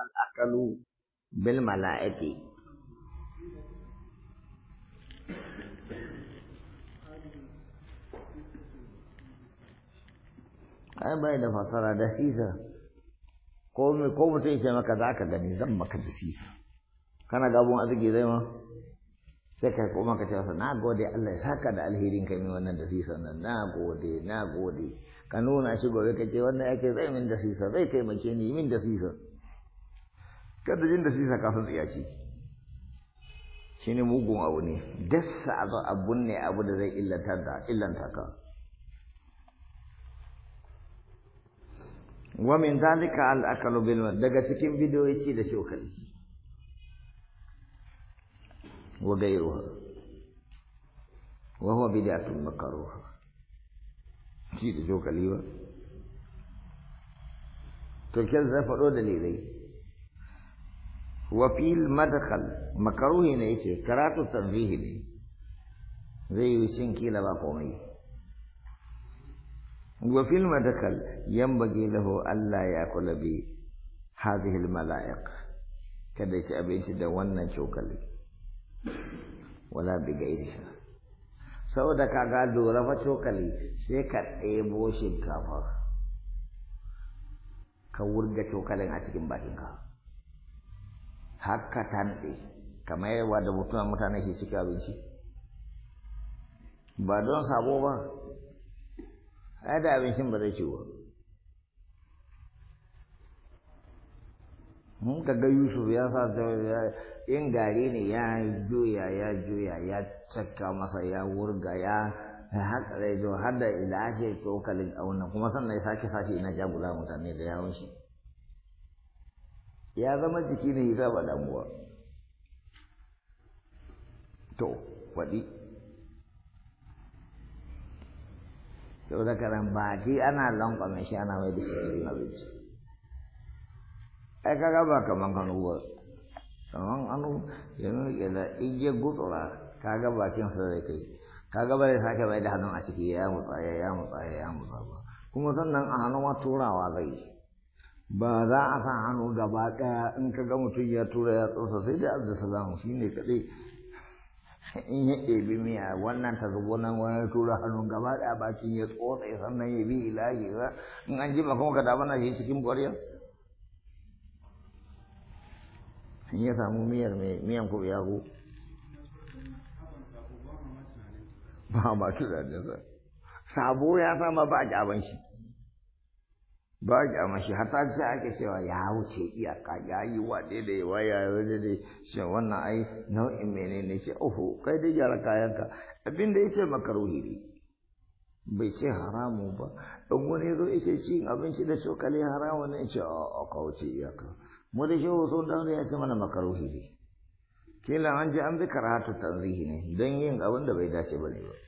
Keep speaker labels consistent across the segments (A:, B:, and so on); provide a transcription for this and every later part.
A: al'akalu bil mala'iki ai bai da fasara da sisa ko mutum ce maka za ka gani zan maka da sisa kana gabon arziki zai ma sai ka kuma ka cewa na gode Allah ya saka da alherin kai mai wannan da sisa nan na gode na gode ka nuna shi gobe ka ce wannan yake zai min da sisa zai taimake ni min da sisa kada jin da shi saka sun tsiya ci. shi ne mugun abu ne dasa abu abun ne abu da zai illantar da illanta ka wa min zalika al akalu bil daga cikin bidiyoyi ce da cokali wa gairuha wa huwa bid'atun makruha ci da cokali ba to kin zai faɗo dalilai وفي المدخل مكروه ne yace karatu tanzihi ne zai yi cin kila ba komai wa fil madkhal yanbaghi Allah ya kula bi hadhihi al malaiq kada ya ci abinci da wannan cokali wala bi gairiha saboda kaga dora fa cokali sai ka ɗebo shinkafa ka wurga cokalin a cikin bakinka haka tanɗe kamar yawa da mutuwa mutane ke cika abinci ba don sabo ba ai da abincin ba zai ciwo mun ga yusuf ya sa in gari ne ya juya ya juya ya cakka masa ya wurga ya haka zai zo har da ilashe tsokalin auna kuma sannan ya sake sashi ina jagula mutane da yawon shi ya zama jiki ne ya zaba damuwa to faɗi to da karan baki ana lankwame shi ana mai da shi abinci ai kaga ba kaman hannu ba kaman hannu yanzu ke da igiyar gutsura kaga bakin sa zai kai kaga ba zai sake mai da hannun a ciki ya mutsaya ya mutsaya ya mutsaya kuma sannan a hannun ma turawa zai yi ba za a san hannu gaba ɗaya in ka ga mutum ya tura ya tsosa sai dai salamu shi ne kaɗai in ya ɗebi miya wannan ta zubo nan wani tura hannu gaba ɗaya bakin ya tsotsa ya sannan ya bi ilahi ba in an ji kuma ka dabana shi cikin ƙwarya in ya samu miyar mai miyan kuɓi ya ku ba ma sa sabo ya sama ba a jaban shi ba a kyama shi hata ce ake cewa ya wuce iyaka ya yi wa daidai wa ya yi daidai shi wannan ai nau'in menene ce oho kai dai gyara kayanka abin da ya ce makaruhi ne bai ce haramu ba ɗan wani zo ya cin abinci da cokali haramu ne ce a kawace wuce iyaka mu da hoto sun dan ya ce mana makaruhi ne kila an ji an bi karatu tanzihi ne don yin abin da bai dace ba ne ba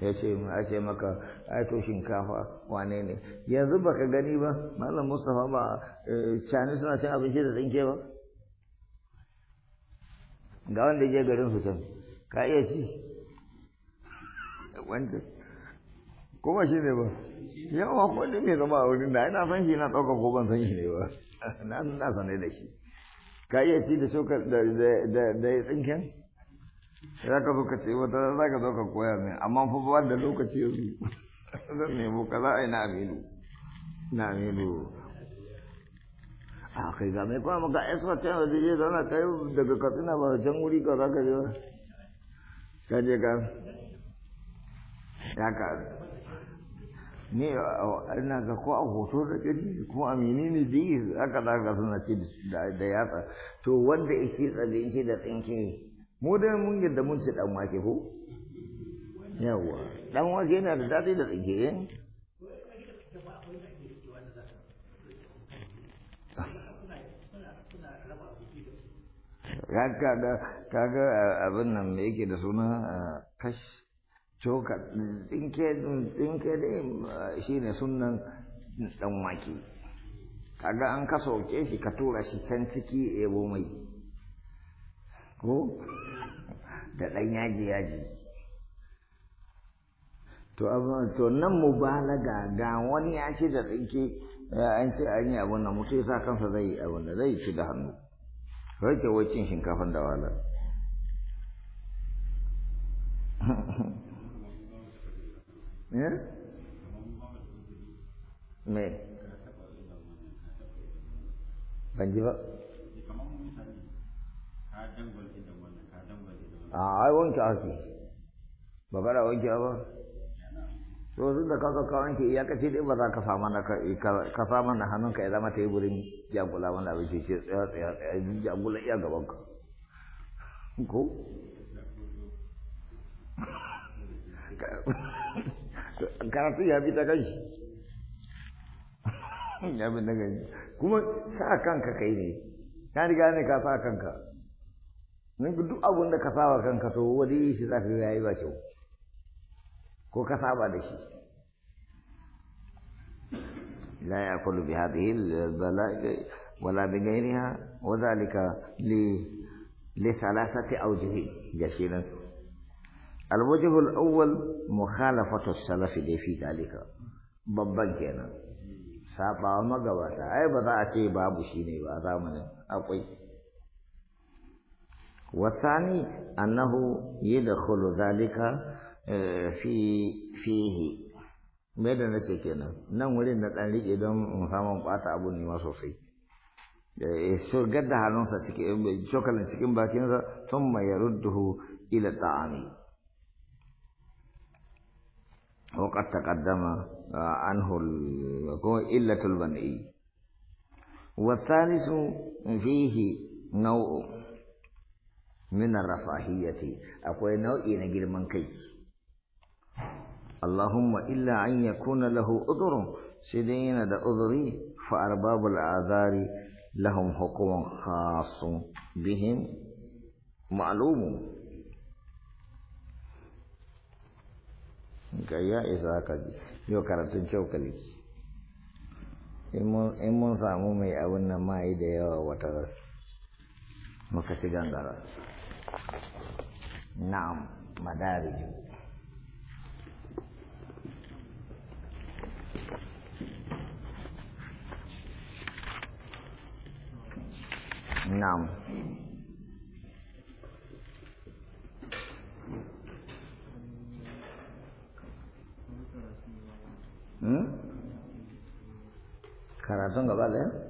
A: ya ce mu a ce maka aito shinkafa wane ne yanzu ba ka gani ba malam mustapha ba eh, cani suna cin abinci da tsinke ba ga wanda je garin su can ka iya ci wanda kuma shi ne ba yawa kwanne mai zama a wurin da ina san shi na ɗaukar ko ban san shi ne ba na sanai da shi ka iya ci da shokar da ya tsinken sai ka zo ka ce wata za ka zo ka koya min amma fa ba da lokaci yanzu zan nemo ka za a yi na aminu na aminu a kai ga mai kuma ga esma can da zai zana kai daga katsina ba can wuri ka za ka je ka je ka ya ka ne ina ga ko a hoto da kiri kuma amini ne biyu aka zaka suna ce da yatsa to wanda yake tsabe shi da tsinke mu dai mun yadda mun ci dan wake ko yawa dan wake yana da daɗi da tsinke eh? kaga kaga abin nan me yake da suna eh, kash coka tsinke tsinke eh, shi ne sunan dan wake kaga an ka ke shi ka tura shi can ciki ebo mai ko da ɗan yaji yaji to to nan mu balaga ga wani ya ce da tsinke an ce an yi abin nan mutu sa kansa zai yi abin da zai ci da hannu rage wacin shinkafan da wala eh? me ban ji ba a ai wanke ake ba gara wanke ba to sun da kaka ka wanke ya kace dai ba za ka samu na ka samu na hannunka ya zama teburin jagula wanda abin ce ce tsaya tsaya tsaya jagula iya gaban ka ko karatu ya bi ta kai ya bi ta kai kuma sa kanka kai ne ka riga ne ka sa kanka ninku duk abin da ka saba kanka to wani shi zafi ya yi bakin ko ka saba da shi لا يأكل بهذه البلاء ولا بغيرها وذلك لثلاثة أوجه جسيرا الوجه الأول مخالفة السلف دي في ذلك ببا كينا سابا مغواتا أي بضاعتي بابو شيني بازامنا أقوي والثاني أنه يدخل ذلك آه، في فيه ماذا نتكلم نقول إن الأنبياء دم مثلا قات أبو نيماس وفي آه، شو قد هالنص تكلم شو كان تكلم بعدين ثم يرده إلى الطعام وقد تقدم آه، عنه إلة البني والثالث فيه نوع من الرفاهية أقول نوعي نجل من كي اللهم إلا أن يكون له أذر سيدين دا أذري فأرباب الأعذار لهم حكم خاص بهم معلوم ga ya isa ka ji yau karatun cokali in mun samu mai abin nan ma yi da naam madari naam hmm? Karatonga gaba eh?